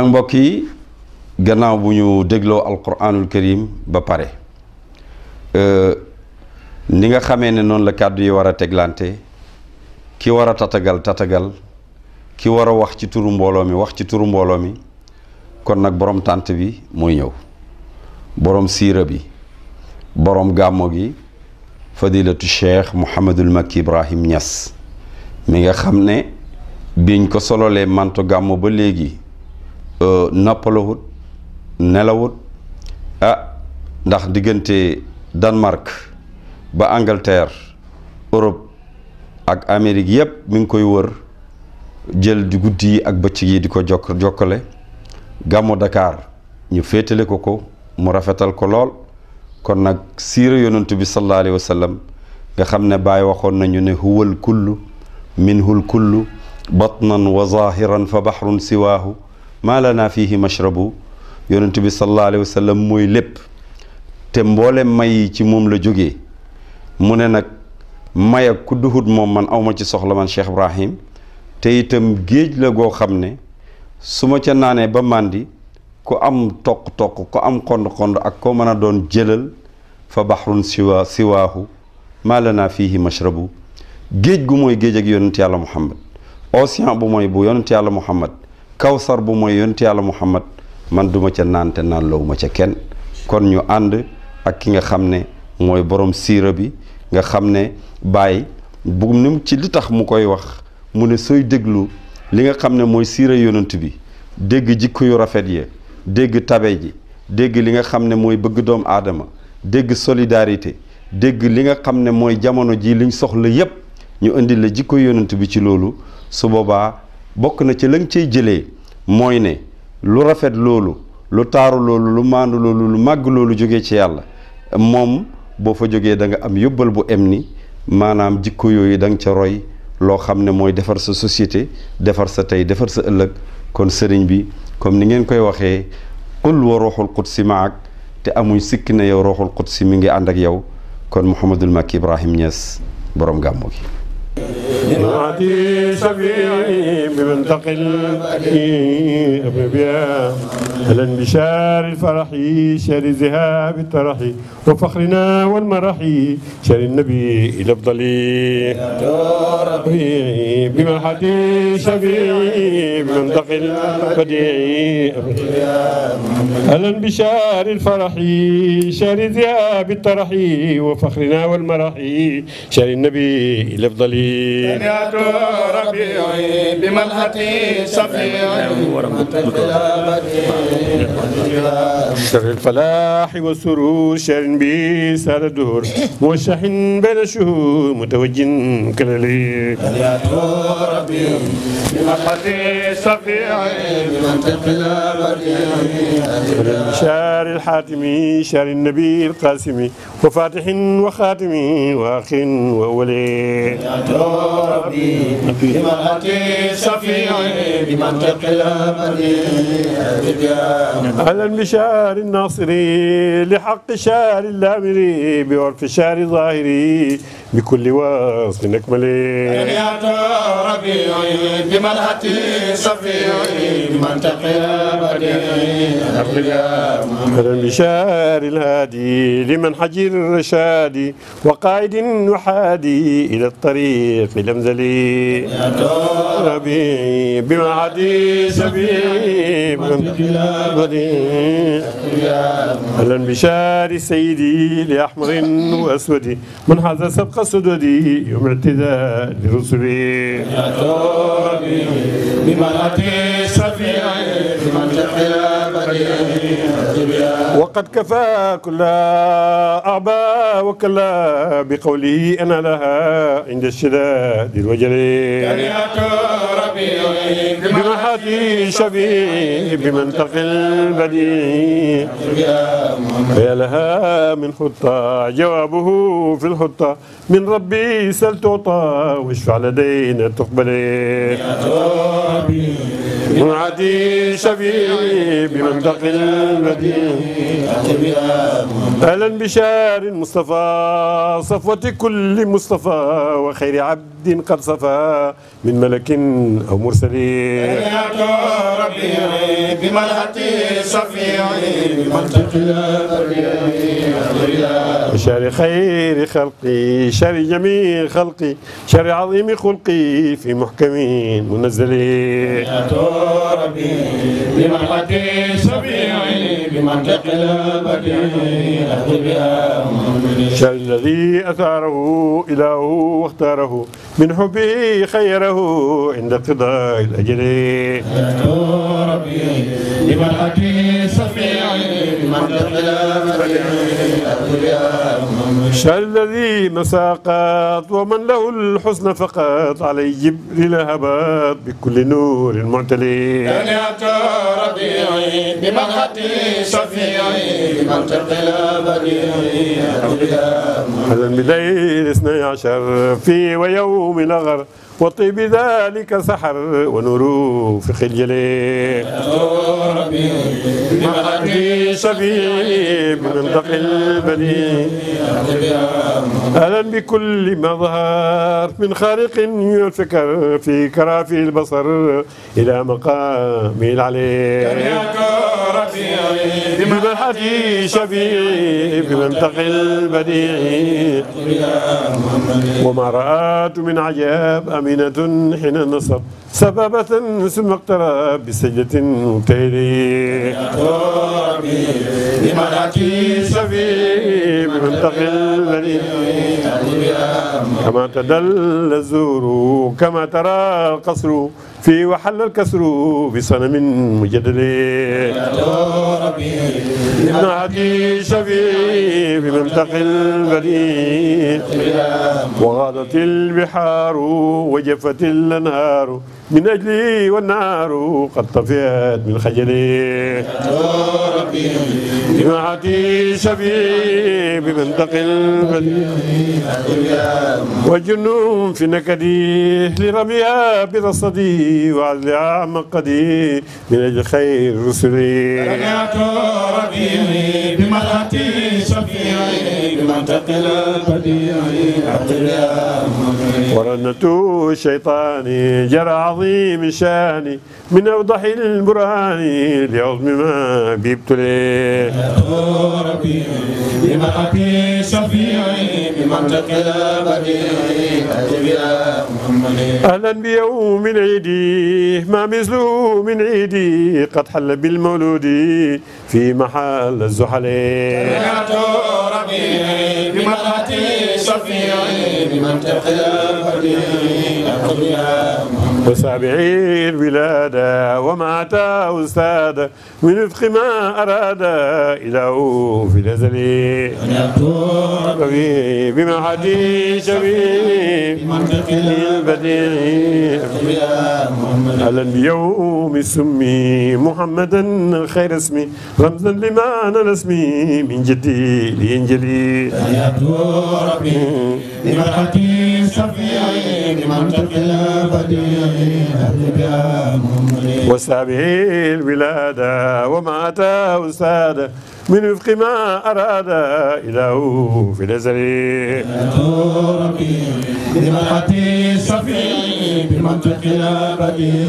ak mbokk yi gannaaw bu ñu dégloo alquranul karim ba pare euh, ni nga xamee ne noonu la kàddu yi war a teglante ki war a tatagal tatagal ki war a wax ci turu mbooloo mi wax ci turu mbooloo mi kon nag borom tànt bi mooy ñëw borom siira bi borom gàmmo gi fadilatu cheikh Mouhamadul Makki Ibrahim ñas mi nga xam ne biñ ko sololee manto gàmmo ba léegi Euh, noppalawut nelawut ah ndax diggante Danemark ba Angleterre Europe ak Amérique yépp mu ngi koy wër jël di guddi yi ak bëccëg yi di ko jokk jokkale gàmmu Dakar ñu féetale ko ko mu rafetal ko lool kon nag siira yonantu bi sallallahu alayhi nga xam ne Baay waxoon nañu ne huwal kullu minhul kullu batnan wa zahiran fa bahrun siwaahu maa lanaa fii mashrabu yonent bi sallallahu alayhi wa sallam mooy lépp te mboole may yi ci moom la jógee mu ne nag may ak ku duhut moom man awma ci soxla man Cheikh Ibrahim te itam géej la goo xam ne su ma ca naanee ba màndi ku am toq-toq ku am xond-xond ak koo mën a doon jëlal fa baxrun siwa siwaahu maa lanaa fiihi mashrabu géej gu mooy géej ak yonent yàlla muhammad océan bu mooy bu yonent yàlla muhammad kawsar bu mooy yonent yàlla muhammad man duma ca naan te naan lawuma ca kenn kon ñu ànd ak ki nga xam ne mooy borom siira bi nga xam ne baay bu ni ci li tax mu koy wax mu ne sooy déglu li nga xam ne mooy siira yonent bi dégg jikko yu rafet ya dégg tabe ji dégg li nga xam ne mooy bëgg doomu aadama dégg solidarité dégg li nga xam ne mooy jamono ji liñ soxla yépp ñu indi la jikko yonent bi ci loolu su boobaa bokk na ci lañ cey jëlee mooy ne lu rafet loolu lu taaru loolu lu maandu loolu lu màgg loolu jógee ci yàlla moom boo fa jógee da nga am yóbbal bu em ni maanaam jikko yooyu da nga ca roy loo xam ne mooy defar sa société defar sa tey defar sa ëllëg kon sëriñ bi comme ni ngeen koy waxee qul wa ruuxul qudsi maak te amuñ sikki na yow ruuxul qudsi mi ngi ànd ak yow kon Mouhamadul Makki Ibrahim Niass borom gàmmu gi نادي شفيعي بمنتقى البكي أبيبيا أهلا بشار الفرح شار ذهاب الترح وفخرنا والمرح شار النبي إلى أفضل ربي بمنحة شفيعي بمنتقى البديع أهلا بشار الفرح شار ذهاب الترح وفخرنا والمرح شار النبي إلى أفضل سمعت ربيعي بمنحتي شفيعي شر الفلاح والسرور شر بي سار الدهور وشحن بين الشهور متوج كلالي سمعت ربيعي بمنحتي شفيعي شار الحاتمي شار النبي القاسمي وفاتح وخاتمي واخر واولي ربي بمن أتي شفيعي بمن تقلمني على المشار الناصري لحق شار اللامري بعرف شار ظاهري بكل واصف نكملي يا ربيعي بمنحتي صفيعي بمنطقي بديعي أهلا بشار الهادي لمن حجر الرشاد وقائد نحادي إلى الطريق الأمزلي يا ربيعي بمنحتي صفيعي بمنطقي بديعي أهلا بشار سيدي لأحمر وأسود من حظ سبق صددي وارتداء لرسلي يا ربي بمنعتي سفيعي لمن جحلي وقد كفى كل أعباء وكلا بقوله أنا لها عند الشداد الوجل بمحاتي شفي بمن تقي البديع يا لها من حطة جوابه في الحطة من ربي سل تعطى واشفع لدينا تقبلي منعدي شفيعي بمنطق المدينة أهلا بشار المصطفى صفوة كل مصطفى وخير عبد قد صفى من ملك أو مرسلين ربي بمنعتي شفيعي بمنطق المدينة شر خير خلقي شر جميع خلقي شر عظيم خلقي في محكم منزلي يا ربي بمحبتي سبيعي بمنطق البديع أخذ بها شر الذي أثاره إله واختاره من حبه خيره عند قضاء الأجر ربي لمن أتي سفيعي بمنطق البديع أخذ بها شر الذي مساقات ومن له الحسن فقط علي جبريل هبات بكل نور معتلي أنا ربيعي بمن أتي شفيعي من تقل بديعي أبدا بديع الاثني عشر في ويوم الغر وطيب ذلك سحر ونور في خجل بمحكي شفيع بمنطق البني أهلا بكل مظهر من خارق الفكر في كرافي البصر إلى مقام العلي بمحكي شفيع بمنطق البديع وما رأت من عجاب أمين آمنة حين النصب سبابة ثم اقترى بسجدة مبتهلي لملكي شفيع بمنتقى المليء كما تدل الزور كما ترى القصر في وحل الكسر بصنم مجدد ابن عدي شفيع بمنتقى البريء وغادت البحار وجفت الأنهار من أجلي والنار قد طفئت من خجلي جماعتي شفي بمنطق البدي وجن في نكدي لرميها برصدي وعزلها مقدي من أجل خير رسلي رجعت ربي بمرأتي شفيعي بمنطق البديع ورنت عدو الشيطان جرى عظيم الشان من أوضح البرهان لعظم ما بيبتلي ربي بما أبي شفيعي بمنطق البديع أجب يا محمد أهلا بيوم العيد ما مثله من عيدي قد حل بالمولود في محل الزحل ربي بمرأتي شفيعي بمن تقيا هدي أقضيها وسابعين ولادا ومات أستادا من رفق ما أراد إله في الأزل ربي بما حدي شبيه البديع على اليوم سمي محمدا خير اسمي رمزا لما أنا اسمي من جدي لينجلي ربي برحتي صفيعي لمنطق البديع وسابه الولادة ومات أستاذ من وفق ما أراد إله في الأزل ربي بمرحتي صفي بالمنطق لا بديل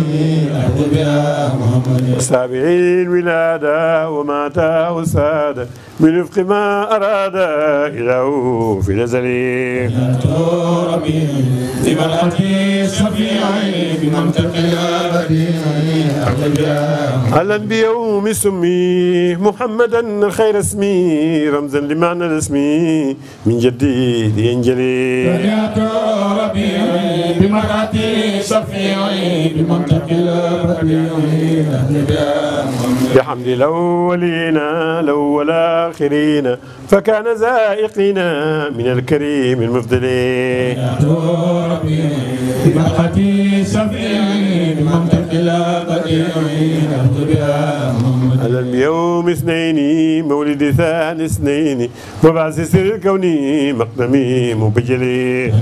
أهدي بها محمد سابعي الولادة ومات وساد من وفق ما أراد إله في الأزل ربي بمرحتي صفي بالمنطق لا بديل أهدي بها أهلا بيوم سمي محمدا الخير اسمي رمزا لمعنى الاسم من جديد ينجلي دنياك ربيعي بمراتي شفيعي بمنطق الربيعي بحمد الاولين الاول الاخرين فكان زائقنا من الكريم المفضل دنياك ربيعي بمراتي شفيعي بمنطق الربيعي على اليوم اثنين مولد ثاني اثنين وبعث سر الكون مقدمي مبجلي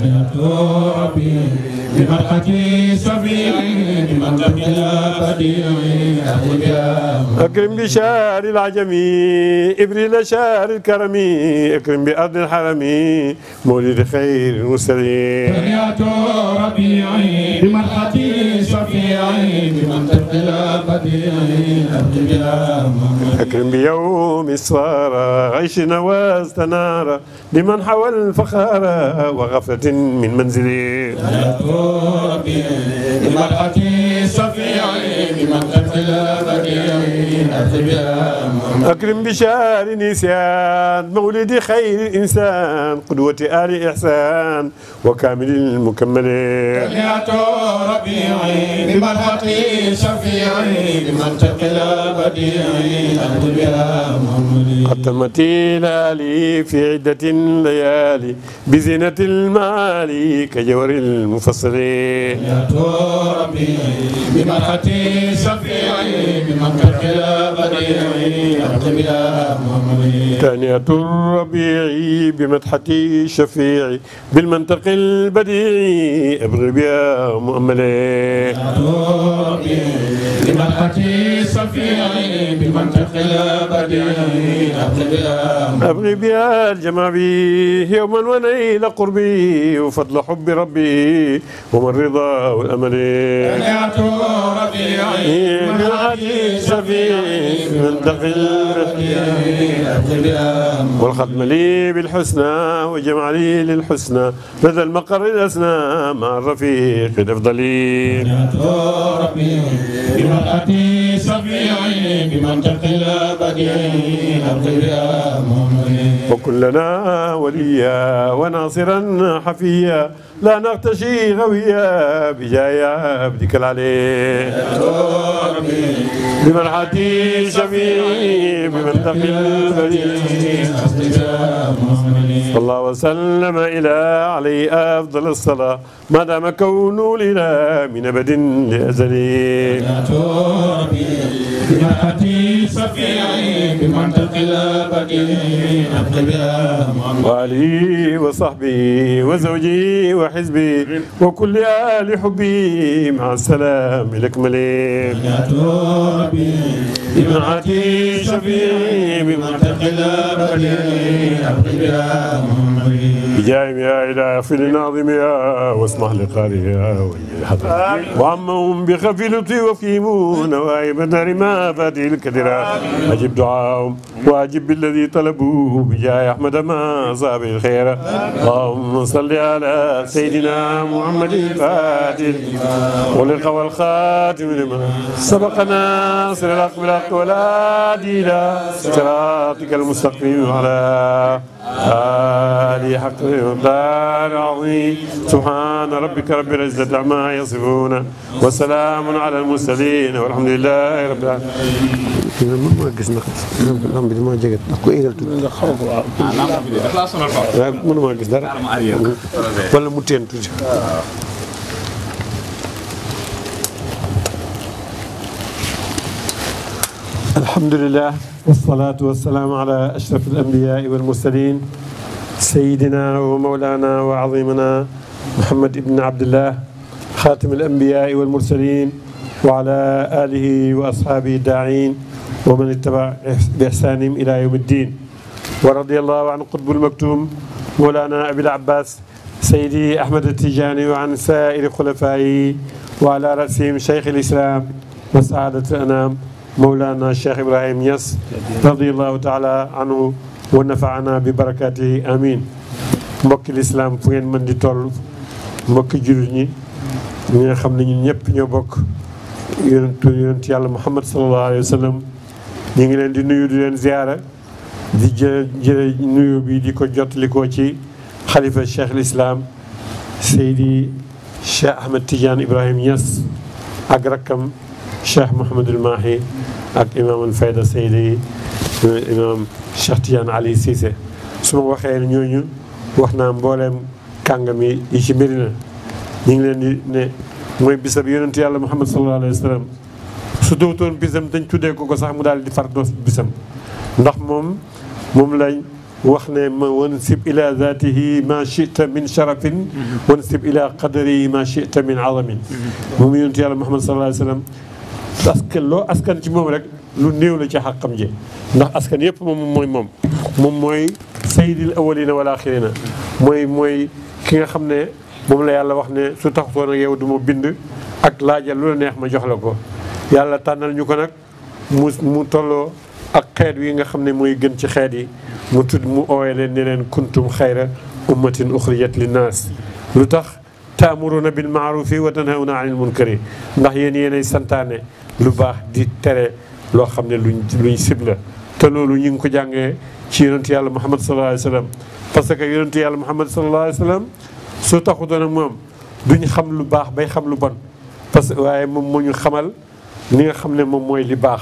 ربي بمرحتي صبي بمن لم يلا أكرم بشار العجم إبريل شار الكرم أكرم بأرض الحرم مولد خير المرسلين فريات ربيعي بمرحتي صفيعي بمن تبقى بديعي أكرم بيوم النوم إسفارا عيشنا واستنارا لمن حوى الفخار وغفلة من منزلي بمرحتي صفيعي بمن قتل بديعي أتبعي أكرم بشار نسيان مولد خير الإنسان قدوة آل إحسان وكامل المكمل تليات ربيعي بملحقي شفيعي بمنطق البديعي أقول يا محمد قدمت لالي في عدة ليالي بزينة المال كجور المفصل تليات ربيعي بملحقي شفيعي بمنطق البديعي ثانية الربيع بمدحتي شفيعي بالمنطق البديع ابرب يا مؤملي بمدحتي شفيعي بالمنطق البديع أبغي يا الجمابي يوما ونيل قربي وفضل حب ربي وما الرضا والأمل ثانية ربيعي من عدي شفيعي بالمنطق والختم لي بالحسنى واجمع لي للحسنى لدى المقر الاسنى مع الرفيق الافضلي ربي بمرأتي صفي عيني بمن تقي الابدين وكن لنا وليا وناصرا حفيا لا نرتجي غويا بجاي عبدك العلي بمن حدي سمي بمن تقي البديع الله وسلم إلى علي أفضل الصلاة ما دام كون لنا من أبد لأزلي وعلي وصحبي وزوجي وحزبي وكل آل حبي مع السلام لكم لي بمعتي شفيعي بمعتقل بدي أبقي بها بجاي يا إله في الناظم يا واسمح لقاري يا وعمهم بخفي لطي وفيمون وعيب درمان لنا فاته الكثيرة أجب دعاهم وأجب بالذي طلبوه بجاه أحمد ما أصاب الخير اللهم صل على سيدنا محمد فاته وللقى والخاتم لما سبقنا سر الحق بالحق ولا دين صراطك المستقيم على هادي حق رضا العظيم سبحان ربك رب العزة عما يصفون وسلام على المرسلين والحمد لله رب العالمين ما gis nag lam bi dama jege ndax ko éegal tuuti nga xaw ko waaw mënuma gis dara wala mu teen tuuti alhamdulilah walsalaatu wassalaamu ala ashraf alambiyaai walmursalin sayidina wa mawlana wa azimana muhammad ibn abdillah xaatim alambiyaai walmursalin wa ala alihi wa ashaabihi daain wa man ittaba bi ihsaanihim ila yawm iddin wa radiyallahu an qutbul maktum mawlana abil abbas sayidi ahmad tijaani wa an saa'iri xulafaayi wa ala rasihim cheikh al islam wa saadat al anaam مولانا الشيخ إبراهيم يس رضي الله تعالى عنه ونفعنا ببركاته آمين mbokki lislaam fu ngeen mën di toll mbokki jullit ñi ñi nga xam ne ñun ñëpp ñoo bokk yonentu yonent yàlla muhammad sallallahu alayhi wa sallam ñu ngi leen di nuyu di leen ziara di jë jële nuyu bi di ko jottalikoo ci xalifa cheikh lislaam seydi cheikh ahmed tidiane ibrahim Niass ak rakkam cheikh Mouhamadul Mahi ak imaamul Fayda Seydi imaam Cheikh Tidiane Ali Cissé su ma waxee ñooñu wax naa mbooleem kàngam yi ci mbiri na ñu ngi leen di ne mooy bisab yonent yàlla Muhammad sallallahu alayhi wa sallam su dootoon bisam dañ tuddee ko ko sax mu daal di far doos bisam ndax moom moom lañ wax ne ma wan sib ila zatihi ma chita min sharafin wan sib ila qadarihi ma chita min azamin mm-hmm. moom yonent yàlla Muhammad sallallahu alayhi wa sallam askan loo askan ci moom rek lu néew la ci xàqam ji ndax askan yëpp moom mooy moom moom mooy sayyidil awwalina wal axirina mooy mooy ki nga xam ne moom la yàlla wax ne su taxutoon ak yow du ma bind ak laajal lu neex ma jox la ko yàlla tànnal ko nag mu mu tolloo ak xeet wi nga xam ne mooy gën ci xeet yi mu tudd mu ooye leen ne leen kuntum xayra ummatin uxrijat li naas lu tax taamuruna bil maarufi wa tanhawna anil munkari ndax yéen yéenay santaane lu baax di tere loo xam ne luñ luñ sib te loolu ñu ngi ko jàngee ci yonentu yàlla muhammad sallallahu alayhi wa parce que yonentu yàlla muhammad sallallahu alayhi wa sallam su taxutoon ak moom ñu xam lu baax bay xam lu bon parce que waaye moom moo ñu xamal ni nga xam ne moom mooy li baax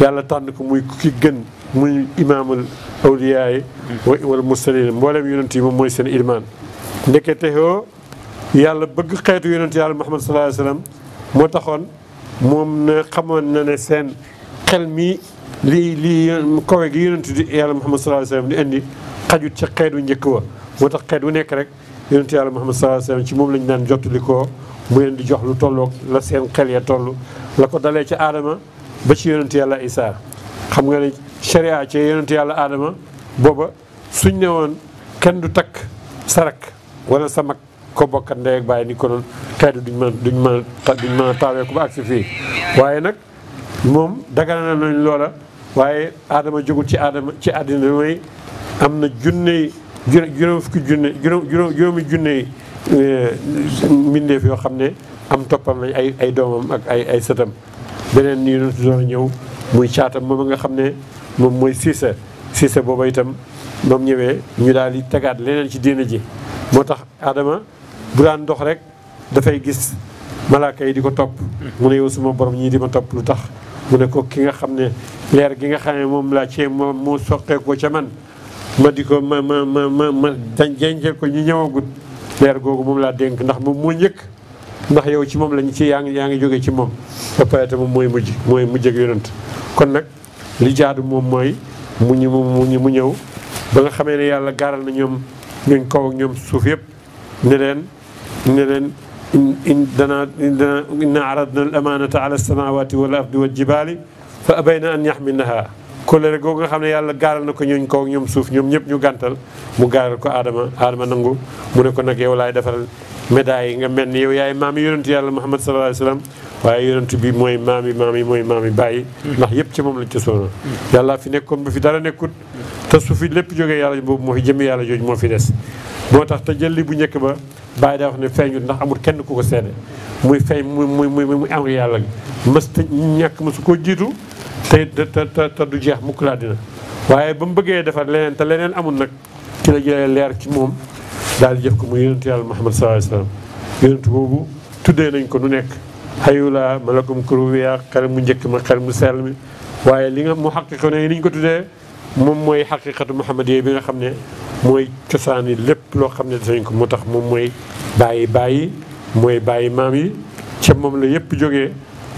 yàlla tànn ko muy ki gën muy imaamul awliyaa yi wal mursalin mbooleem yonent yi moom mooy seen ilmaan ndekete yoo yàlla bëgg xeetu yonent yàlla muhammad sallallahu alayhi wa moo taxoon moom na xamoon na ne seen xel mii lii lii kawe gi yonent di yàlla Muhammad sallallahu alayhi wa sallam di indi xajut ca xeet wu njëkk wa moo tax xeet wu nekk rek yonent yàlla Muhammad sallallahu alayhi wa sallam ci moom lañu daan jottali ko mu leen di jox lu tolloog la seen xel ya toll la ko dalee ci aadama ba ci yonent yàlla Isaa xam nga ne sharia ci yonent yàlla aadama booba suñ ne woon kenn du takk sarak wala sa mag ko bokkat ndey ak bàyyi ni ko doon tey duñ mën duñ mën a duñ mën a taawee ko ak agsi fii waaye nag moom dagana nañ loola waaye aadama jógul ci adama ci àddina mooy am na junne juróom fukki junne juróom junne eh, mbindeef yoo xam ne am toppam lañ ay ay doomam ak ay ay sëtam beneen nii doon doon ñëw muy caatam moom nga xam ne moom mooy siisa siisa booba itam moom ñëwee ñu daal di tegaat leneen ci diina ji moo tax aadama bu daan ndox rek dafay gis malaaka yi di ko topp mu ne yow suma borom ñii di ma topp lu tax mu ne ko ki nga xam ne leer gi nga xam ne moom laa cee moom moo soqeekoo ca man ma di ko ma ma ma ma ma denc ko ñu ñëwagut leer laa dénk ndax moom moo njëkk ndax yow ci moom lañ ci yaa ngi yaa ngi jógee ci moom ba moom mooy mujj mooy mujj ak yonent kon nag li jaadu moom mooy mu ñu mu ñëw ba nga xamee ne yàlla gaaral na ñoom ñooñ kaw ak ñoom suuf yëpp ne ne leen in danaa danaa inna aradna al amanata ala samawati wal ardi wal jibali fa abayna an yaxminaha kolere googu nga xam ne yàlla gaaral na ko ñooñ kaw ñoom suuf ñoom ñëpp ñu gàntal mu gaaral ko aadama aadama nangu mu ne ko nag yow laay defaral médaille yi nga mel ni yow yaay maam yonent yàlla muhammad sallallahu alayhi wa sallam waaye yonent bi mooy maam yi maam yi mooy maam yi bàyyi ndax yëpp ci moom lañ ci soon yàlla fi nekkoon bu fi dara nekkut te su fi lépp jógee yàlla boobu moo fi jëmee moo fi des tax te jëlli bu njëkk ba bàyyi daa wax ne ndax amul kenn ku ko seede muy feeñ muy muy muy muy am yàlla gi mës mësu koo jiitu te du jeex mukk laa waaye ba mu bëggee defar leneen te leneen amul nag ci la jëlee leer ci moom daal di jëf ko muy yonentu yàlla Muhammad sallallahu alayhi wasallam yonentu boobu tuddee nañ ko nu nekk xayula malakum kuruwiya xel mu njëkk ma xel mu sell mi waaye li nga mu xaqiqo ne ni ñu ko tuddee moom mooy xaqiqatu muhammad yi bi nga xam ne mooy cosaan yi lépp loo xam ne dafañ ko mu tax moom mooy bàyyi bàyyi mooy bàyyi maam yi ca moom la yëpp jógee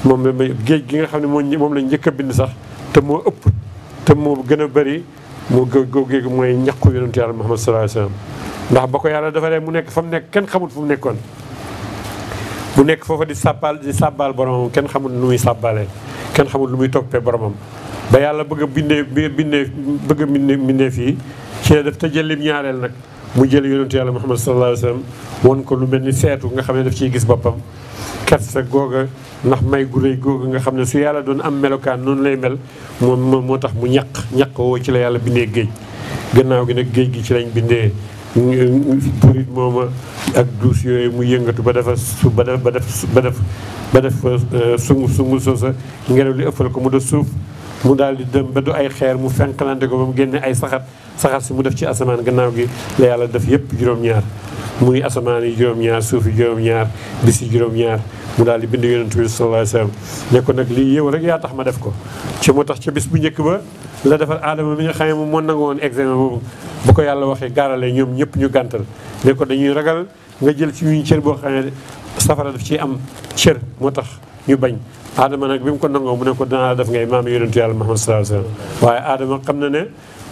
moom la géej gi nga xam ne moom la njëkk a bind sax te moo ëpp te moo gën a bëri moo góogéegi mooy ñaqu yonentu yàlla muhammad sallallahu alayhi wa sallam ndax ba ko yàlla dafa ree mu nekk fa mu nekk kenn xamul fu mu nekkoon mu nekk foofa di sàbbaal di sàbbaal boromam kenn xamul nu muy sàbbaalee kenn xamul lu muy toppee boromam ba yàlla bëgg a bindee bindee bëgg a bindee fii ci daf te jëlim ñaareel nag mu jël yonentu yàlla muhammad sallallahu alayhi wa sallam won ko lu mel ni seetu nga xam ne daf ciy gis boppam kersa googa ndax may gu réy googa nga xam ne su yàlla doon am melokaan noonu lay mel moom moo tax mu ñaq ñaq woo ci la yàlla bindee géej gannaaw gi nag géej gi ci lañ bindee purit mooma ak duus yooyu mu yëngatu ba dafa su ba def ba def ba def sungu sungu soosa ngelaw li ëffal ko mu def suuf mu daal di dem ba du ay xeer mu fenqalante ko ba mu génne ay saxat saxat si mu def ci asamaan gannaaw gi la yàlla def yëpp juróom-ñaar muy asamaan yi juróom-ñaar suuf yi juróom-ñaar bis yi juróom-ñaar mu daal di bind yonent bi sallallahu alayhi wasallam nag lii yow rek yaa tax ma def ko ci moo tax ca bis bu njëkk ba la defal aadama mi nga xam ne moom moo nangu woon examen boobu bu ko yàlla waxee gaarale ñoom ñëpp ñu gàntal ne ko dañuy ragal nga jël ci ñu cër boo xam ne safara daf ci am cër moo tax ñu bañ aadama nag bi mu ko nangoo mu ne ko danaa def ngay maam yonentu yàlla Muhammad sallallahu waaye aadama xam na ne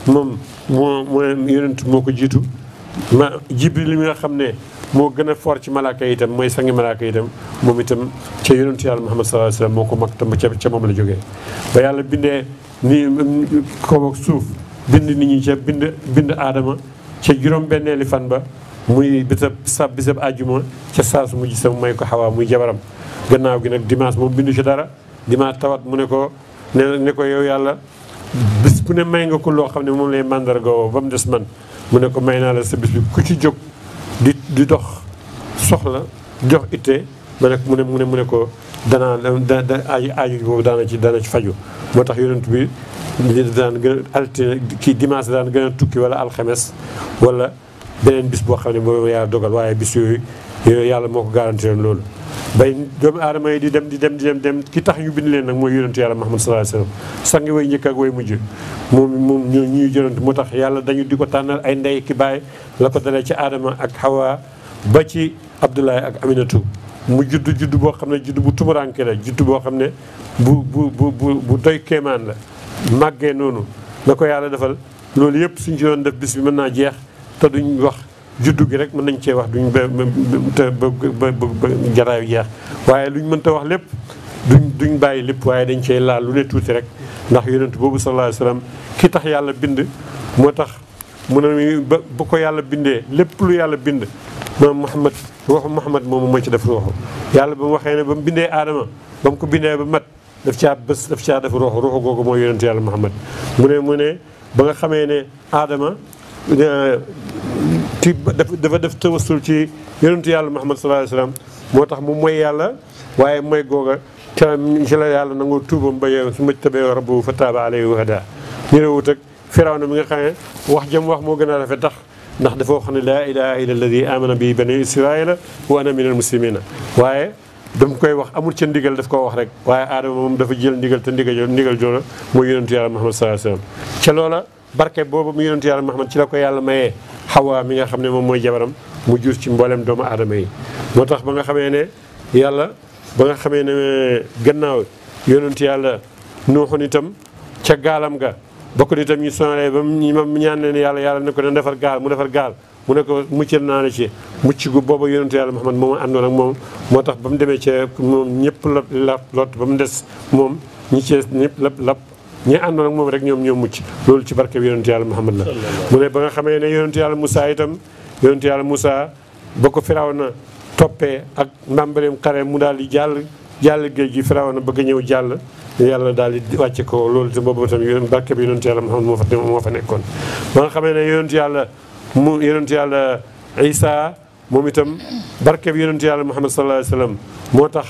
moom moo moo yonent moo ko jiitu ma jibril li nga xam ne moo gën a foor ci malaaka yi itam mooy sangi malaaka yi itam moom itam ca yonentu yàlla Muhammad sallallahu alayhi wa moo ko mag tam ca ca moom la jógee ba yàlla bindee ni kaw ak suuf bind nit ñi ca bind bind aadama ca juróom benneeli fan ba muy bisab sab bisab ajuma ca saasu mujj sa may ko xawaa muy jabaram gannaaw gi nag dimanche moom bind ci dara dimanche tawat mu ne ko ne ne ko yow yàlla bis bu ne may nga ko loo xam ne moom lay màndargoo ba mu des man mu ne may naa la bi ku ci jóg di di dox soxla jox itte ba nag mu ne mu ne mu ne ko danaa da da aaju aaju boobu daana ci daana ci faju moo tax yonent bi daan gën a altine kii dimanche daan gën a tukki wala alxames wala beneen bis boo xam ne moom yàlla dogal waaye bis yooyu yàlla moo ko garanti loolu. bay doomu aadama yi di dem di dem di dem dem ki tax ñu bind leen nag mooy yonentu yàlla Muhammad sallallahu alayhi wasallam sangi way njëkk ak way mujj moom moom ñoo ñuy jonante moo tax yàlla dañu di ko tànnal ay ndey ki baay la ko dalee ci aadama ak xawaa ba ci Abdoulaye ak Aminatu mu judd judd boo xam ne judd bu tumuranke la judd boo xam ne bu bu bu bu doy kéemaan la màggee noonu la ko yàlla defal loolu yëpp suñ ci doon def bis bi mën naa jeex te duñ wax juddu gi rek mën nañ cee wax duñ ba te ba jaraayu jeex waaye luñ mënta wax lépp duñ duñ bàyyi lépp waaye dañ cee laal lu ne tuuti rek ndax yonent boobu sallallahu alayhi wasallam ki tax yàlla bind moo tax mu ne ba ko yàlla bindee lépp lu yàlla bind maam Mouhamed ruuxu Mouhamed moomu moo ci def ruuxu yàlla ba mu waxee ne ba mu bindee aadama ba mu ko bindee ba mat daf caa bés daf caa def ruuxu ruuxu googu mooy yonentu yàlla Mouhamed mu ne mu ne ba nga xamee ne aadama ci dafa def tawasul ci yeneen yonentu yàlla Mouhamed sallallahu alayhi moo tax mu may yàlla waaye mooy googa ca ci la yàlla nangu tuubam ba yow su ma tabee rabbu fa taaba alayhi wa hada ñu rewut ak Firawna mi nga xam ne wax jëm wax moo gën a rafet tax ndax dafa wax ne laa ilaha illa alladi amana bi bani israila wa ana min al muslimina waaye ba koy wax amul ca ndigal daf koo wax rek waaye aadama moom dafa jël ndigal te ndigal ndigal joola mooy yonentu yàlla Muhammad sallallahu alayhi wasallam ca loola barke boobu mu yonentu yàlla ci la ko yàlla mayee xawaa mi nga xam ne moom mooy jabaram mu jur ci mboolem doomu aadama yi moo tax ba nga xamee ne yàlla ba nga xamee ne gannaaw yonentu yàlla nuuxun itam ca gaalam ga bokk na itam ñu sonale ba mu ñaan leen yàlla yàlla ne ko na defar gaal mu defar gaal mu ne ko muccal naa la ci mucc gu booba yonentu yàlla Muhammad moom àndoon ak moom moo tax ba mu demee ca moom ñëpp la lot ba mu des moom ñi ñëpp lap lap ñi àndoon ak moom rek ñoom ñoo mucc loolu ci barke bi yonentu yàlla Muhammad la mu ne ba nga xamee ne yonentu yàlla musa itam yonentu yàlla Moussa ba ko firaw na toppee ak mbàmbareem xare mu daal di jàll jàll géej gi firaw na bëgg ñëw jàll yàlla daal di wàcce ko loolu te boobu tam yoon barke bi yonentu yàlla Muhammad moo fa moo fa nekkoon ba nga xamee ne yonentu yàlla mu yonentu yàlla Isa moom itam barke bi yonentu yàlla Muhammad sallallahu alayhi moo tax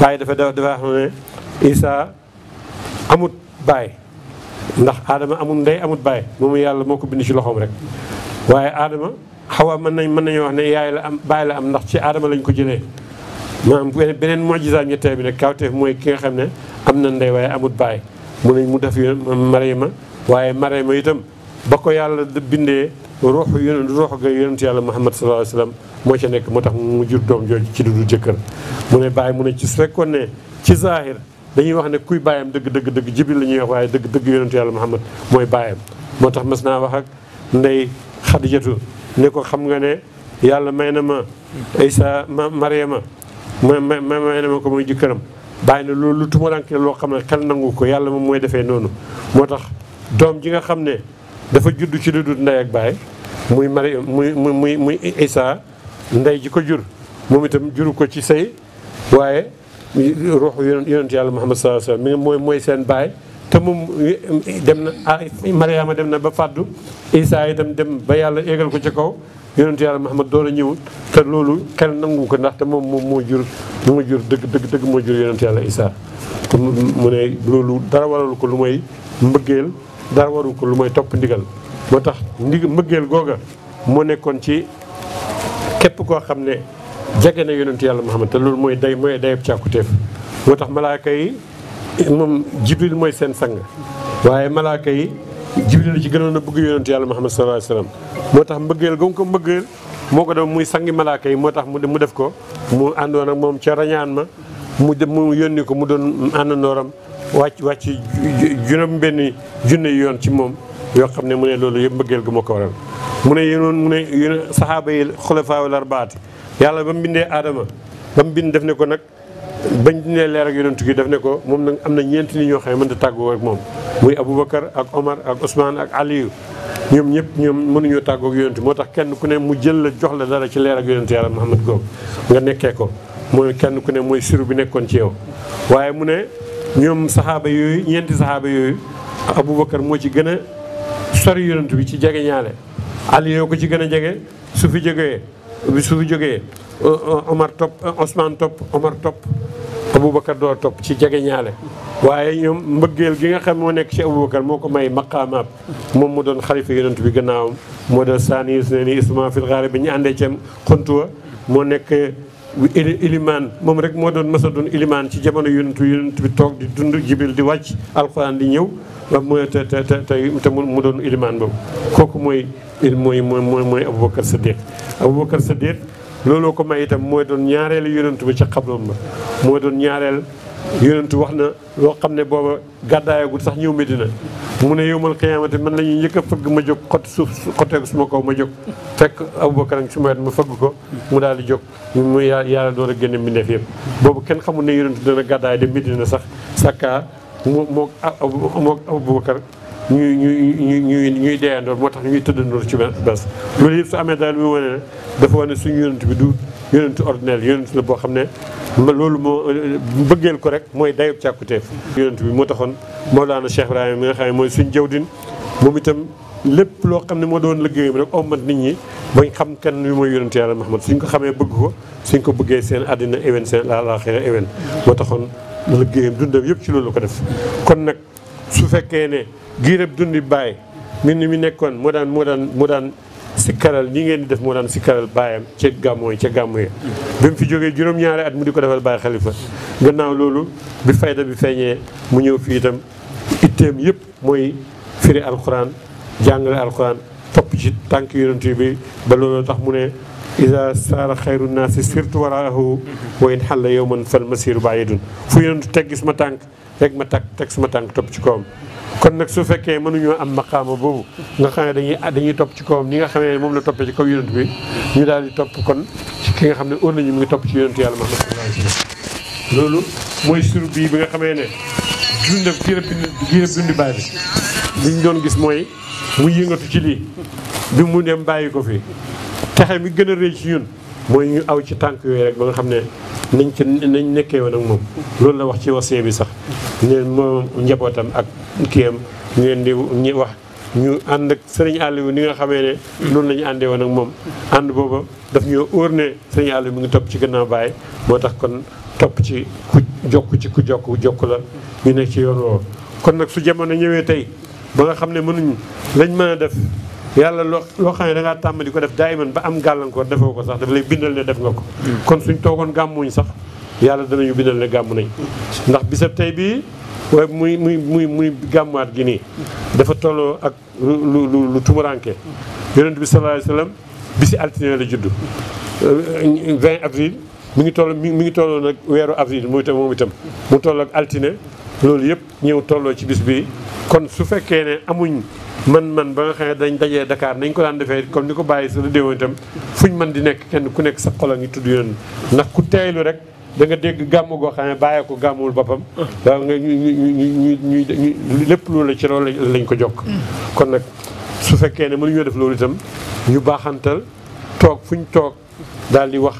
bàyyi dafa dafa wax ne Isa amut baay ndax aadama amul ndey amut baay moomu yàlla moo ko bind ci loxoom rek waaye Adama xaw a mën nañ mën nañoo wax ne yaay la am baay la am ndax ci aadama lañ ko jëlee maanaam beneen beneen mujjizaam ñetteel bi nag kawteef mooy ki nga xam ne am na ndey waaye amut baay mu ne mu def Mariyama waaye Mariyama itam ba ko yàlla bindee ruux yonent ruux ga yonent yàlla Muhammad sallallahu alayhi moo ca nekk moo tax mu jur doom jooju ci lu dul jëkkër mu ne baay mu ne ci su fekkoon ne ci zaahir dañuy wax ne kuy baayam dëgg dëgg dëgg jibril la ñuy wax waaye dëgg dëgg yonentu yàlla Muhammad mooy baayam moo tax mas naa wax ak ndey xadijatu ne ko xam nga ne yàlla may na ma Isa Mariyama ma may na ma ko muy jëkkëram bàyyi na loolu lu tumaranke loo xam ne xel nangu ko yàlla moom mooy defee noonu moo tax doom ji nga xam ne dafa juddu ci lu dul ndey ak baay muy mari muy muy muy Isa ndey ji ko jur moom itam juru ko ci say waaye ruux yonent yàlla Muhammad sallallahu alayhi mooy mooy seen baay te moom dem na ah, Mariama dem na ba fàddu Isa itam dem ba yàlla éegal ko ci kaw yonentu yàlla Muhammad door a ñëwut te loolu xel nangu ko ndax te moom moom moo jur lu ma jur dëgg dëgg dëgg moo jur yonentu yàlla Isaa kon mu ne loolu dara waralu ko lu mooy mbëggeel dara waru ko lu mooy topp ndigal moo tax ndig mbëggeel googa moo nekkoon ci képp koo xam ne jege na yonentu yàlla Muhammad te loolu mooy day mooy dayab càkkutéef moo tax malaaka yi moom Jibril mooy seen sang waaye malaaka yi jibril ci gënoon na bëgg yonentu yàlla muhammad sallallahu alayhi wasallam moo tax mbëggeel gom ko mbëggeel moo ko def muy sangi malaaka yi moo tax mu def ko mu àndoon ak moom ca rañaan ma mu dem mu yónni ko mu doon àndandooram wàcc wàcc juróom benn junne yoon ci moom yoo xam ne mu ne loolu yëpp mbëggeel gu ma ko waral mu ne yénoon mu ne saxaaba yi xulafaa wal arbaati yàlla ba mu bindee aadama ba mu bind def ne ko nag bañ dine leer ak yonent gi daf ne ko moom nag am na ñeenti ni ñoo xam ne mënta tàggoo ak moom muy Aboubacar ak Omar ak osmaan ak Aliou ñoom ñëpp ñoom mënuñoo tàggoo ak moo tax kenn ku ne mu jël la jox la dara ci leer ak yonent yàlla Muhammad googu nga nekkee ko mooy kenn ku ne mooy siru bi nekkoon ci yow waaye mu ne ñoom saxaaba yooyu ñeenti saxaaba yooyu Aboubacar moo ci gën a sori yonent bi ci jege ñaale Aliou ko ci gën a jege su fi jegee bi su fi jógee euh, euh, Omar topp euh, Ousmane topp Omar topp Aboubacar door topp ci jege ñaale waaye ñoom mbëggeel gi nga xam moo nekk ci Aboubacar moo ko may maqaamaab moom mu doon xalifa yonent bi gannaawam moo doon saani yus ne ni isma fil xaari bi ñu àndee ceem xontuwa moo nekk ilimaan moom rek moo doon mës doon ilimaan ci jamono yonentu yonent bi toog di dund jibil di wàcc alxuraan di ñëw ba mu te te te mu doon ilimaan boobu kooku mooy mooy mooy mooy Aboubacar Saddiq Aboubacar Saddiq looloo ko may itam mooy doon ñaareelu yonentu bi ca xabroom ba mooy doon ñaareel yonentu wax na loo xam ne booba gàddaayagul sax ñëw Medina mu ne yowmal xiyaamati man la ñuy njëkk a fëgg ma jóg xot suuf xoteeku suma kaw ma jóg fekk Abubakar ak suma wet ma fëgg ko mu daal di jóg mu yàlla door a génne mbindeef yëpp boobu kenn xamul ne yonentu dana gàddaay dem Medina sax sàkkaa moo moo moo Abubakar ñuy ñuy ñuy ñuy deyandoor moo tax ñuy tëddandoor ci bés loolu yëpp su amee daal muy wane ne dafa wane suñu yonent bi du yonentu ordinaire yonentu la boo xam ne loolu moo euh, bëggeel ko rek mooy dayub càkkuteef yonentu bi moo taxoon Mawlaana Cheikh Ibrahima mi nga xam ne mooy suñ moom itam lépp loo xam ne moo doon liggéeyam rek ommat nit ñi bañ xam kan bi mooy yonentu yàlla Muhammad suñ ko xamee bëgg ko suñ ko bëggee seen àddina éwen seen àllaaxira éwen moo taxoon liggéeyam dundam yëpp ci loolu ko def kon nag su fekkee ne giirab dundi bàyyi min ni mi nekkoon moo daan moo daan moo daan sikkaral nii ngeen di def moo daan sikkaral baayam ca gàmmoo yi ca gàmmu ya bi mu fi jógee juróom-ñaari at mu di ko defal Baye Khalifa gannaaw loolu bi fayda bi feeñee mu ñëw fii itam itteem yëpp mooy firi alxuraan jàngale alxuraan topp ci tànk yu yonent bi ba loolu tax mu ne isa saara xayru naasi sirtu waraahu wa in xalla yowman fal masiru bàyyidun fu yonent teg gis ma tànk rek ma tak teg sama tànk topp ci kawam kon nag su fekkee mënuñoo am maqaama boobu nga xam ne dañuy dañuy topp ci kawam ñi nga xamee moom la toppee kaw yonent bi ñu daal di topp kon ki nga xam ne óor nañu mu ngi topp ci yonent yàlla Muhammad sallallahu alayhi wa sallam loolu mooy sur bii bi nga ne dundam giirab dund giirab dundi baay bi liñ doon gis mooy mu yëngatu ci lii bi mu dem bàyyi ko fi texe mi gën a rëy ci ñun mooy ñu aw ci tànk yooyu rek ba nga xam ne nañ ci nekkee woon ak moom loolu la wax ci wasee bi sax ne moom njabootam ak kiyam ñu leen di ñu wax ñu ànd ak sëriñ Aliou ni nga xamee ne loolu la ñu àndee woon ak moom ànd booba daf ñoo óor ne sëriñ Aliou mi ngi topp ci gannaaw Baye moo tax kon topp ci ku jokk ci ku jokk la ñu nekk ci yoon woowu kon nag su jamono ñëwee tey ba nga xam ne mënuñ lañ mën a def yàlla loo loo xam ne da ngaa tàmm ko def daay man ba am gàllankoor defoo ko sax dafa lay bindal ne def nga ko mm. kon suñ toogoon gàmmuñ sax yàlla danañu bindal ne gàmm nañ ndax bisab tey waaye muy muy muy muy gàmmaat gi nii dafa tolloo ak lu lu lu tumuranke yonent bi sallallahu alayhi wasallam bi si altine la judd 20 euh, avril mu ngi toll mi ngi tolloo nag weeru avril muy tam moom itam mu toll ak altine loolu yëpp ñëw tolloo ci bis bi kon su fekkee ne amuñ man-man ba nga xam ne dañ dajee Dakar nañ ko daan defee comme ni ko bàyyi sa la déewoon itam fuñ man di nekk kenn ku nekk sa xol a ngi tudd yoon ndax ku teeylu rek da nga dégg gàmm goo xam ne bàyyee ko gàmmul boppam. waaw nga ñu ñu ñu ñu lépp loolu la ci loolu lañ ko jokk. kon nag su fekkee ne mënuñoo def loolu itam ñu baaxantal toog fu ñu toog daal di wax.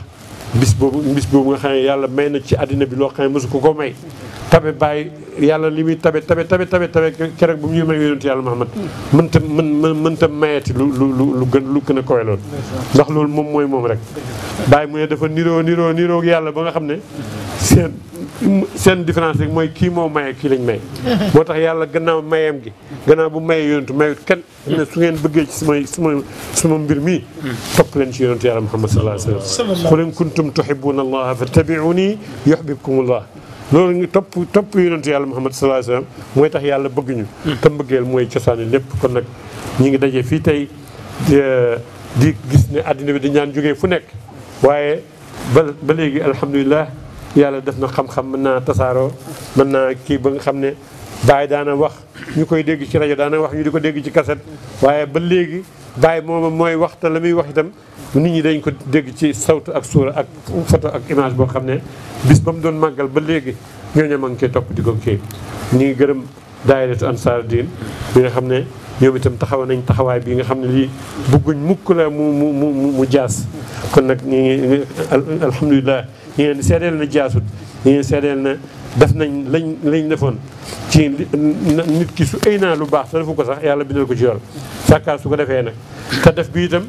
bis boobu bis boobu nga xam ne yàlla may na ci àddina bi loo xam ne mosu ko ko may tabe bàyyi yàlla li muy tabe tabe tabe tabe tabe keroog bu mu ñuy may yonent yàlla Muhammad mënta mën mën mënta mayati lu lu lu gën lu gën a kowe loolu ndax loolu moom mooy moom rek bàyyi mu ne dafa niroo niroo niroo yàlla ba nga xam ne seen seen différence rek mooy kii moo maye kii lañ may moo tax yàlla gannaaw mayam gi gannaaw bu maye yonentu mayut kenn ne su ngeen bëggee ci sumay suma suma mbir mii topp leen ci yonentu yàlla muhammad sallallahu alayhi wa sallam qul in kuntum tuhibbuna allaha fattabi'uni yuhibbukum allah loolu ngi topp topp yonentu yàlla muhammad sallallahu alayhi wa sallam mooy tax yàlla bëgg ñu hmm. te mbëggeel mooy cosaani lépp kon nag ñi ngi daje fii tey di gis ne àddina bi di ñaan jógee fu nekk waaye ba ba léegi alhamdulilah yàlla def na xam-xam mën naa tasaaroo mën naa kii ba nga xam ne Baye daana wax ñu koy dégg ci rajo daana wax ñu di ko dégg ci kaset waaye ba léegi Baye moom mooy wax la muy wax itam nit ñi dañ ko dégg ci sawtu ak suura ak foto ak image boo xam ne bis ba mu doon màggal ba léegi ñoo ma ngi koy topp di ko ñu ngi gërëm daayiratu Ansaar Diin bi nga xam ne ñoom itam taxaw nañ taxawaay bi nga xam ne lii bëgguñ mukk la mu mu mu mu jaas kon nag ñu ngi ñu leen seedeel na jaasut ñu leen seedeel na def nañ lañ lañ defoon ci nit ki su ay naa lu baax te defu ko sax yàlla bi bindal ko ci yool sàkkaar su ko defee nag te def bi itam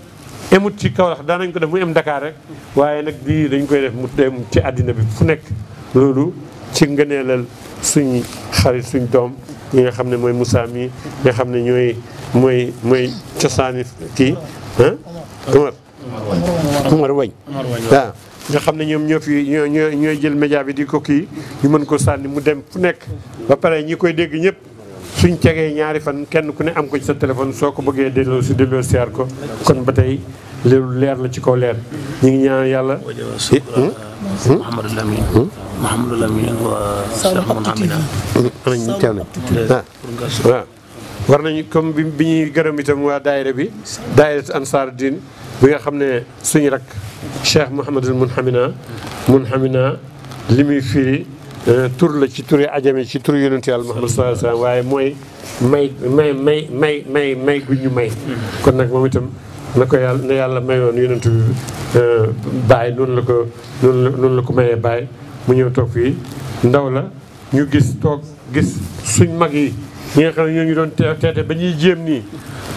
emut ci Kaolack daanañ ko def mu em Dakar rek waaye nag bii dañ koy def mu dem ci àddina bi fu nekk loolu ci ngëneelal suñ xarit suñ doom ñi nga xam ne mooy Moussa mi nga xam ne ñooy mooy mooy cosaani kii ah Omar Omar Wañ nga xam ne ñoom ñoo fi ñoo ñooy jël média bi di ko kii ñu mën ko sànni mu dem fu nekk ba pare ñi koy dégg ñëpp suñ tegee ñaari fan kenn ku ne am ko ci sa téléphone soo ko bëggee delloo si delloo siyaar ko kon ba tey leerul leer la ci kaw leer ñu ngi ñaan yàlla Mouhamadou Lamine Mouhamadou Lamine wa Cheikh Mouhamida nañ teew na waaw war nañu comme bi ñuy gërëm itam waa daayira bi daayira Ansaar Diin bi nga xam ne suñu rek cheikh Mouhamadul Munhamina Munhamina li muy firi eh, tur la ci turi ajame ci tur yonent yàlla Muhammad sallallahu alayhi wasallam waaye mooy may may may may may may gu ñu may. kon nag moom itam na ko yàlla na yàlla mayoon yonent bi eh, bàyyi noonu la ko noonu la noonu la ko mayee bàyyi mu ñëw toog fii ndaw la ñu gis toog gis suñ mag yi. ñi nga ñoo ñu doon teete ba ñuy jéem nii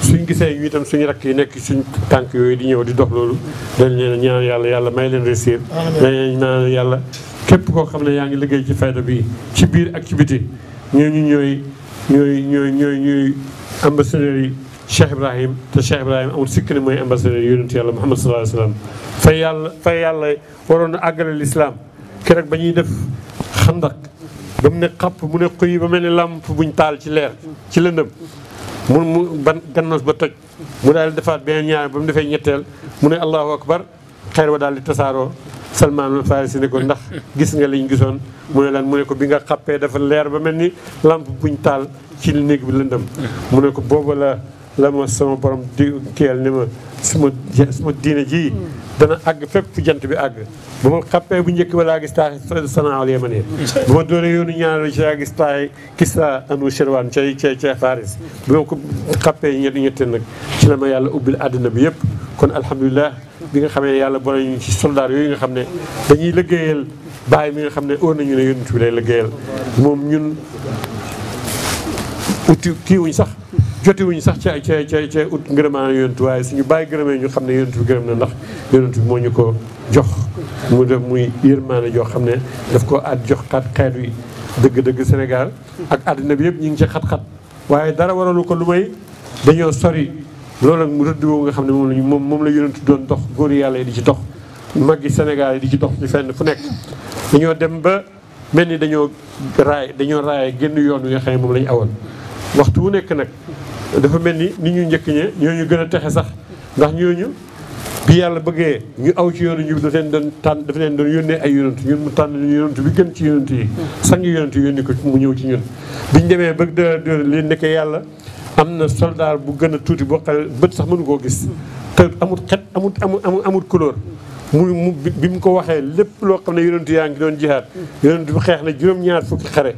suñ gisee ñu itam suñu rakk yi nekk suñ tànk yooyu di ñëw di dox loolu dañ leen ñaar yàlla yàlla may leen réussir dañ leen ñaan yàlla képp koo xam ne yaa ngi liggéey ci fayda bi ci biir activité ci biti ñooñu ñooy ñooy ñooy ñooy ñooy ambassadeurs yi Cheikh Ibrahim te Cheikh Ibrahim amul sikk ne mooy ambassadeur yi yonent yàlla Muhammad sallallahu alayhi wa fay yàlla fay yàlla waroon na àggale lislaam keroog ba ñuy def xandak ba mu ne xapp mu ne xuy ba mel ni làmp buñ taal ci leer ci lëndëm mu mu ban gannos ba toj mu daal di defaat beneen ñaar ba mu defee ñetteel mu ne allahu akbar xeer wa daal di tasaaroo Salmaan al Farisi ne ko ndax gis nga liñ gisoon mu ne leen mu ne ko bi nga xappee dafa leer ba mel ni làmp buñ taal ci néeg bi lëndëm mu ne ko booba la la ma sama borom di kiyal ni ma suma suma diine ji dana àgg fépp fu jant bi àgg bu ma xappee bu njëkk ba laa gis taaxi sanaawal yemane bu ma dooree yoonu ñaareel ci laa gis taaxi kissa anu sherwan cay cay cay xaaris ma ko kappe ñetti ñetteel nag ci la ma yàlla ubbil àddina bi yëpp kon alhamdulilah bi nga xamee yàlla boole ñu ci soldaar nga xam ne dañuy liggéeyal bàyyi mi nga xam ne óor nañu ne yonent bi lay liggéeyal moom ñun uti kiiwuñ sax jotewuñu sax ca ca ca ca ut ngërëmaa yonent waaye suñu bàyyi gërëmee ñu xam ne yonent bi gërëm na ndax yonent moo ñu ko jox mu def muy yërmaane joo xam ne daf ko at jox xat xeet wi dëgg-dëgg Sénégal ak àddina bi yëpp ñu ngi ci xat-xat waaye dara waralu ko lu may dañoo sori loolu nag mu rëdd woo nga xam ne moom lañ moom moom la yonent doon dox góor yàlla di ci dox maggi Sénégal yi di ci dox ci fenn fu nekk dañoo dem ba mel ni dañoo raay dañoo raay génn yoon wi nga xam ne moom awoon waxtu wu nekk nag dafa mel ni nit ñu njëkk ñe ñooñu gën a texe sax ndax ñooñu bi yàlla bëggee ñu aw ci yoonu ñu dafa leen doon tànn dafa leen doon yónnee ay yonent ñun mu tànn ñu yonent bi gën ci yonent yi sang yonent yónni ko mu ñëw ci ñun biñu demee ba dë li nekk yàlla am na soldaar bu gën a tuuti boo xam bët sax mënu koo gis te amul xet amul amul amul couleur mu mu bi mu ko waxee lépp loo xam ne yonent yaa ngi doon jihaat yonent bi xeex na juróom-ñaar fukki xare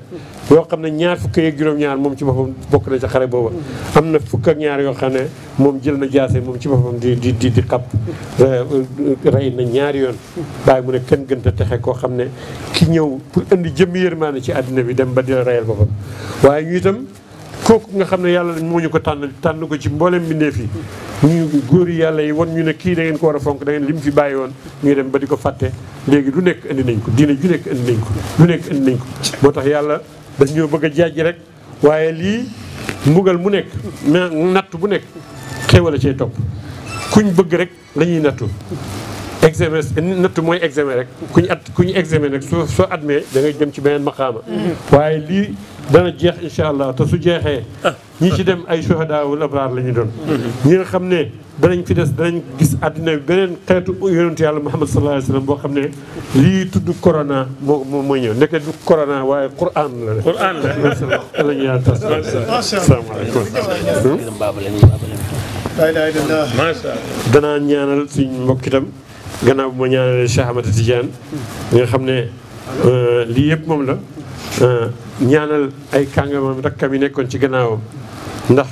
yoo xam ne ñaar fukki yeeg juróom-ñaar moom ci boppam bokk na ci xare booba am na fukk ak ñaar yoo xam ne moom jël na jaase moom ci boppam di di di di xapp euh, rey na ñaari yoon baay mu ne kenn gënta texe koo xam ne ki ñëw pour indi jëmm yërmaane ci àddina bi dem ba di reyal boppam waaye ñu itam kooku nga xam ne yàlla moo ñu ko tànn tànn ko ci mboolem mbindeef yi ñu góor yàlla yi wan ñu ne kii da ngeen ko war a fonk da ngeen lim fi bàyyi woon ñu dem ba di ko fàtte léegi lu nekk indi nañ ko diine ju nekk indi nañ ko lu nekk indi nañ ko moo tax yàlla dañ ñoo bëgg a jaaj rek waaye lii mbugal mu nekk ma natt bu nekk xéwal a cee topp kuñ bëgg rek lañuy ñuy nattu examen natt mooy examen rek kuñ at kuñ examen rek soo soo admee da ngay jëm ci beneen maqaama mm-hmm. waaye dana jeex incha allah te su jeexee ah. ñi ci dem ay suhadaa wal abraar la ñu doon ñi nga xam ne danañ fi des danañ gis àddina bi beneen xeetu yonentu yàlla muhammad sallallahu boo xam ne lii tudd corona moo moo mooy ñëw nekk du corona waaye quran la de quran la lañu yàlla tas asalaamaaleykum gannaaw bu ma ñaanalee Cheikh Ahmed nga xam ne euh, lii yëpp moom la Euh, ñaanal ay kàngamam rakkam yi nekkoon ci gannaawam ndax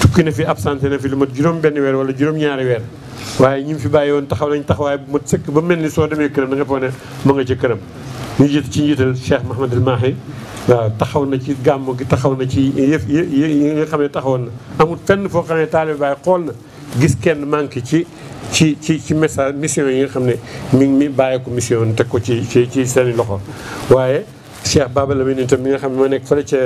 tukki na fi absenté na fi lu mat juróom benn weer wala juróom ñaari weer waaye ñi mu fi bàyyi woon taxaw nañ taxawaay bu mat sëkk ba mel ni soo demee këram da nga foog ne mu nga ci këram ñu jël ci njiital Cheikh Mahamadul Mahi waaw taxaw na ci gàmmu gi taxaw na ci yëf yi nga xam ne taxawoon na amul fenn foo xam ne taalibe Baay xool na gis kenn manque ci ci ci ci message mission yi nga xam ne mi mi bàyyi ko mission teg ko ci ci ci seen loxo waaye Cheikh Baba Lamine itam mi nga xam ne moo nekk fële ca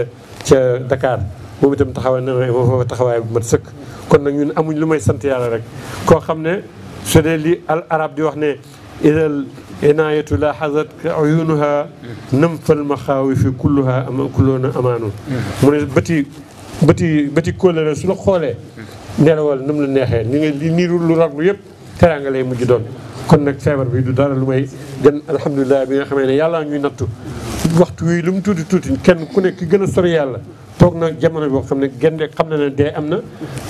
ca Dakar moom itam taxawaay na ma taxawaay bu mat sëkk kon nag ñun amuñ lu may sant yàlla rek koo xam ne su li al arab di wax ne idal inaayatu la xasat uyunuha nam fal maxaawifi kulluha am kulloona amaanu mu ne bëti bëti bëti kóolare su la xoolee nelawal nam la neexee ni nga li niiru lu raglu yëpp teraanga lay mujj doon kon nag feebar bi du dara lu may gën alhamdulilah bi nga xamee ne yàlla ñuy nattu waxtu wii lu mu tuuti tuuti kenn ku nekk gën a sori yàlla toog na jamono boo xam ne gende xam na ne dee am na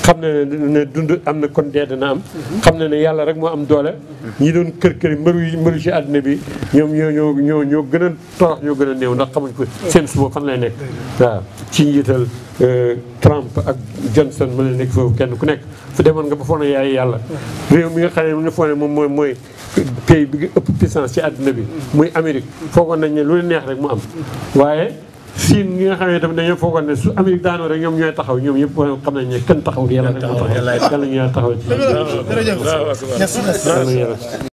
xam ne na dund am na kon dee dana am xam na ne yàlla rek moo am doole ñi doon kër kër mbëru yi mbëru ci àddina bi ñoom ñoo ñoo ñoo ñoo gën a torox ñoo gën a new ndax xamuñ ko seen suba xam lay nekk waaw ci njiital Trump ak Johnson mu na nekk foofu kenn ku nekk fu demoon nga ba foog ne yaay yàlla. réew mi nga xam ne mu foog ne moom mooy mooy pays bi nga ëpp puissance ci àdduna bi. muy Amérique foogoon nañ ne lu neex rek mu am. waaye Siin ñi nga xam ne tamit dañoo foogoon ne su Amérique daanoo rek ñoom ñooy taxaw ñoom ñëpp xam ne kenn taxaw yàlla rek moo taxaw yàlla ñu taxaw